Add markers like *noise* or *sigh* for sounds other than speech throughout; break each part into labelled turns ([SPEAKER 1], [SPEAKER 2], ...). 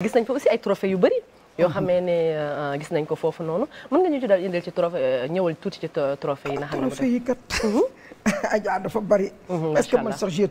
[SPEAKER 1] gis nañ fa aussi ay trophées yu bëri yoo xamee ne euh, gis nañ ko foofu noonu mën nga ñu ci daal indil ci trophée euh, ñëwal tuuti ci trophée yi. na xam ne trophée
[SPEAKER 2] kat. Mhm. Adja *laughs* dafa bëri. Mhm, est-ce que man sax j'ai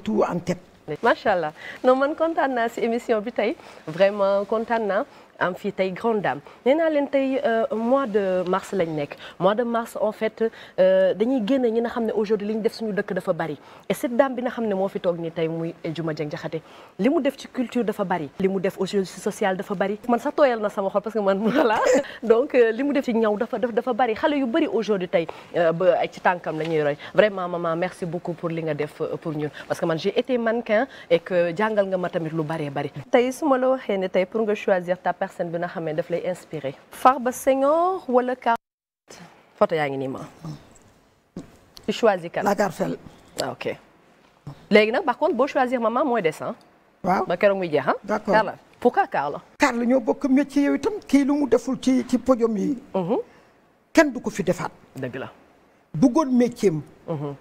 [SPEAKER 1] macha allah non man kontaan naa si émission bi tey vraiment kontaan naa. am fii tey grande dame nee naa leen tey euh, mois de mars lañ nekk mois de mars en fait euh, dañuy génne ñi nga xam ne aujourd'hui li ñu def suñu dëkk dafa bari et cette dame bi nga xam ne moo fi toog nii tey muy Diouma Dieng Diakhaté li mu def ci culture dafa bari li mu def aujourd'hui social dafa bari man sax tooyal na sama xol parce que man *laughs* voilà donc euh, li mu def ci ñaw dafa dafa bari xale yu bari aujourd'hui tey ba ay ci la ñuy roy vraiment maman merci beaucoup pour li nga def pour ñun parce que man j'ai été mannequin et que nga ma tamit lu bari bari tey su la waxee ne tey pour nga choisir ta personne bi nga xam ne daf lay inspiré. Farba Senghor wala carte. photo yaa ngi nii ma. tu choisis ah, léegi nag par contre boo choisir maman mooy dessin. waaw ba keroog muy jeex ah. d' accord Carla pourquoi
[SPEAKER 2] ñoo bokk métier yow itam kii lu mu deful ci ci podium yi. Mm-hmm. kenn du ko fi defaat. dëgg la. bëggoon métier mm-hmm.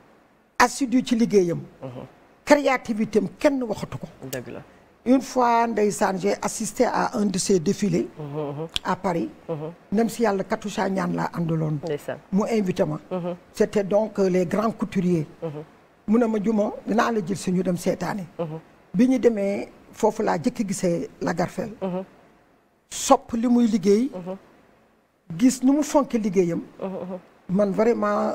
[SPEAKER 2] assidu ci liggéeyam. Mm-hmm. créativité kenn waxatu ko. dëgg la. une fois ndeysaan j'ai assisté a un de ces défilés mm-hmm, mm-hmm. à Paris mm-hmm. même si yàlla Katoucha ñaan laa àndaloon mu invité ma c'était donc euh, les grands couturiers mu ne ma juma dinaa la jël si ñu dem seetaani bi ñu demee foofu laa jëkk gisee Lagarfel sopp li muy liggéey gis nu mu fonk liggéeyam man vraiment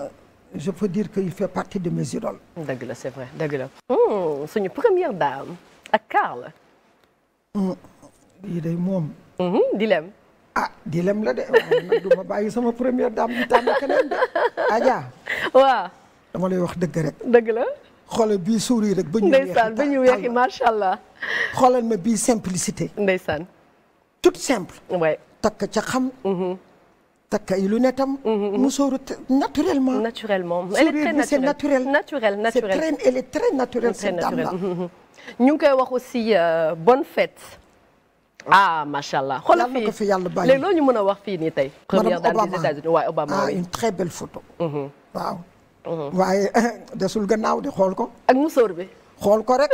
[SPEAKER 2] je peux dire que il fait partie de mes idoles
[SPEAKER 1] la c'est vrai dëgg la
[SPEAKER 2] hmm, suñu première dame ak Karl lii day moom. Mhm, dilem. ah dilem la de nag du ma bàyyi sama première dame bi tànn keneen de Adja. waaw. dama lay wax dëgg rek. dëgg la. xoolal bii sourire rek. ba ñu weexi ndeysaan ba xoolal ma bii simplicité. ndeysaan. tout simple. waay takk ca xam. Mhm. takk ay lunettes am. musóoru mhm. naturellement. naturellement elle est très naturelle
[SPEAKER 1] sourire bi c'est naturel. naturel c'est très elle
[SPEAKER 2] est très naturelle
[SPEAKER 1] ñu ngi koy wax aussi euh, bonne fête. ah, ah macha allah xoolal fii ko fi
[SPEAKER 2] yàlla ba léegi loo
[SPEAKER 1] ñu mën a wax fii nii tey. première dame des États-Unis waaye Obama ah une
[SPEAKER 2] très belle photo. Mhm. Mhm. *laughs* desul gannaaw di xool ko. ak musóor bi. xool ko rek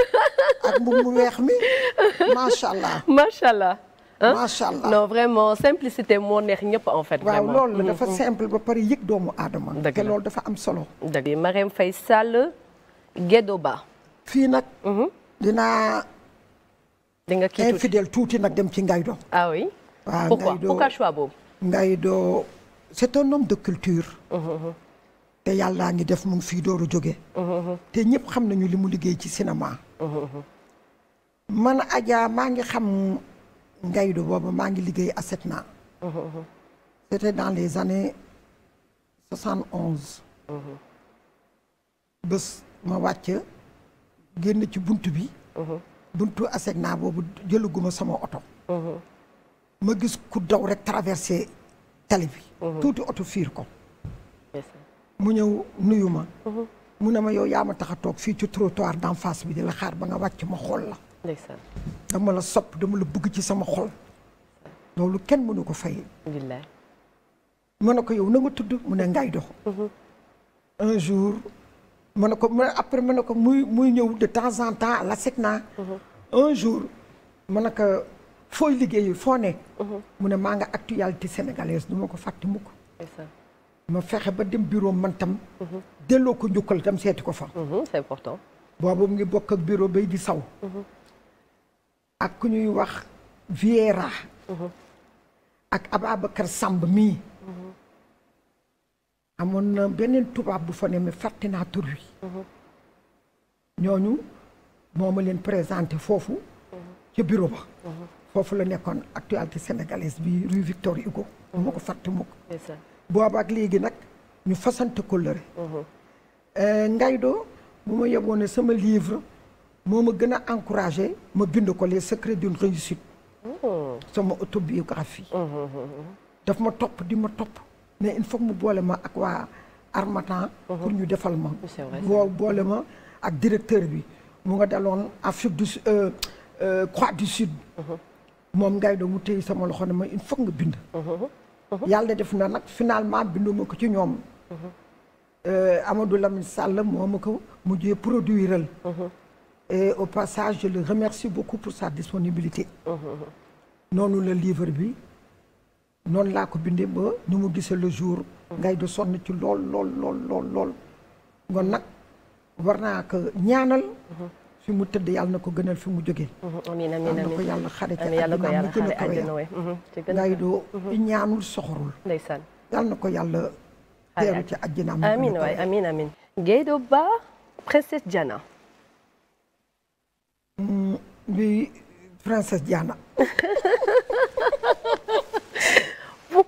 [SPEAKER 2] *laughs* ak mu weex mi macha allah. macha allah.
[SPEAKER 1] macha allah vraiment simplicité moo neex ñëpp en fait. vraiment waaw loolu la mhm, dafa simple ba pare yëg doomu aadama. te loolu dafa am solo. dëgg la fay Faye Sall Gédoba.
[SPEAKER 2] fii nag. dinaa. di nga kii tuuti nag dem ci ngay
[SPEAKER 1] ah oui pourquoi
[SPEAKER 2] pourquoi c'est un homme de culture. te yàllaa ngi def mu ngi fii dooru jóge te ñëpp xam nañu li mu liggéey ci cinéma. man Adja maa ngi xam Ngaydo boobu maa ngi liggéey à Setna. c'était dans les années bés ma wàcc. génn ci bunt bi. Mhm. buntu naa boobu jëlaguma sama oto. Mhm. ma gis ku daw rek traversé tali bi. Mhm. tuuti oto fiir ko. mu ñëw nuyu ma. mu ne ma yow yaa ma tax a toog fii ci trottoir d'en face bi di la xaar ba nga wàcc ma xool la. ndeysaan dama la sopp dama la bëgg ci sama xol. loolu kenn mënu ko fay. mën ma ko yow na nga tudd mu ne ngay dox. ma ne ko ma après ma ne ko muy muy ñëw de temps en temps la set naa mhm. un jour ma ne ko fooy liggéeyi foo ne mhm. mu ne maa ngi actualité sénégalaise du ma ko fàtte mukk ma fexe ba dem bureau man tam mhm. delloo ko njukkal tam seeti ko fa c'est important boobu mu ngi bokk ak bureau bay di saw ak ku ñuy wax Viera ak Ababacar Samb mii amoon na beneen tubaab bu fa ne mais fàtte naa tur wi mhm. ñooñu moom ma leen présenté foofu mhm. ca bureau ba mhm. foofu la nekkoon actualité sénégalaise bi rue Victor Hugo du ma ko fàtte mukk booba ak léegi nag ñu fasante kóllëre euh, Ngaydo bu ma yeboon sama livre moo ma gën a encouragé ma bind ko les secrets d'une réussite sama autobiographie daf ma topp di ma topp mais il faut mu boole ma ak waa Harmattan. Mhm. pour ñu defal ma. boo boole ma ak directeur bi mu nga daloon Afrique du euh, euh, Croix du Sud. Mhm. moom ngay doon mu téye sama loxo ne ma il faut nga bind. Mhm. yàlla def na nag finalement binduma ko ci ñoom. Euh, Amadou Lamine Sall moo ma ko mujjee produiral. et au passage je remercie beaucoup pour sa disponibilité. noonu la livre bi. noonu laa ko bindee ba ni mu gisee le jour. ngay du sonn ci lool lool lool lool nag war naa ko ñaanal. fi mu tëdd yàlla na ko gënal fi mu jógee. amiin amiin amiin na ko yàlla xare ci àddina mu gën a kawe ngay du ñaanul soxorul. yàlla na ko yàlla.
[SPEAKER 1] teeru ci àddina mu gën a kawe amiin waay amiin amiin. bi princesse
[SPEAKER 2] Diana. Mm, *laughs*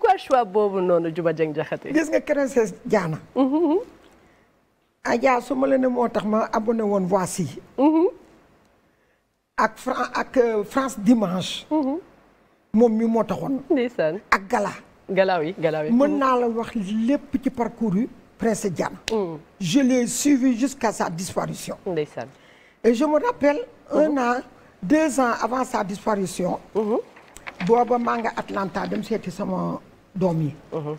[SPEAKER 1] pourquoi choix boobu noonu Juba Jeng Jaxate gis nga
[SPEAKER 2] princesse Diana mm-hmm. Adja su ma la ne moo tax ma abonné woon Voici mm-hmm. ak ak euh, France Dimanche mm-hmm. moom mi moo taxoon ndeysaan ak gala yi galaaw yi mën naa la wax lépp ci parcours yu princesse Diana mm. je l'ai suivi jusqu'à sa disparition ndeysaan et je un an deux avant sa disparition booba maa nga Atlanta dem seeti sama doom yi. Uh-huh.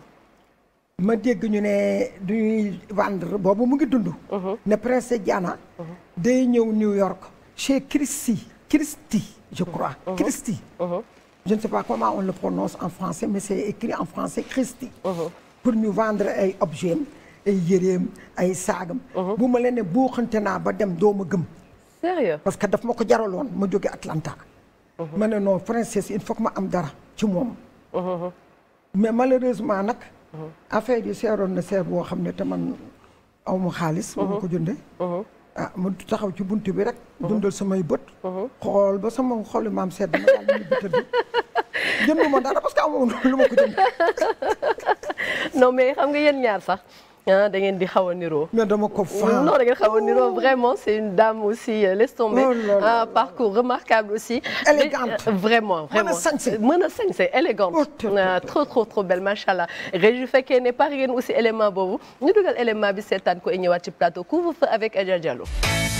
[SPEAKER 2] ma dégg ñu ne du ñuy vendre boobu mu ngi dund. Uh-huh. ne Prince Diana. Uh-huh. day ñëw New York chez Christie Christie je crois. Christie. je ne sais pas comment on le prononce en français mais c'est écrit en français Christie. pour ñu vendre ay objets ay yéreem ay saagam. bu ma leen ne buuxante naa ba dem doo ma gëm. sérieux parce que daf ma ko jaraloon ma jóge Atlanta. ma ne non princesse il faut ma am dara ci moom. mais malheureusement nag. affaire yi seeroon na seer boo xam ne te man aw ma xaalis. ba ma ko jëndee. ah mu taxaw ci bunt bi rek. dundal samay bët. xool ba sama xoli maam sedd ma daal di bëtt bi jënduma dara parce que amoon lu ma ko jënd.
[SPEAKER 1] *laughs* non mais xam nga yéen ñaar sax. ah da ngeen di xaw a niroo. mais dama ko faa non da ngeen xaw a niroo vraiment c' est une dame aussi euh, laisse tomber. Oh un parcours remarquable aussi. élégante euh, vraiment vraiment mën a sañse mën a sañse élégante. Oh, euh, trop trop trop belle macha allah. Régis fekkee ne par ngeen aussi élément boobu ñu dugal élément bi seetaan ko ñëwaat ci plateau couvre-feu avec Adja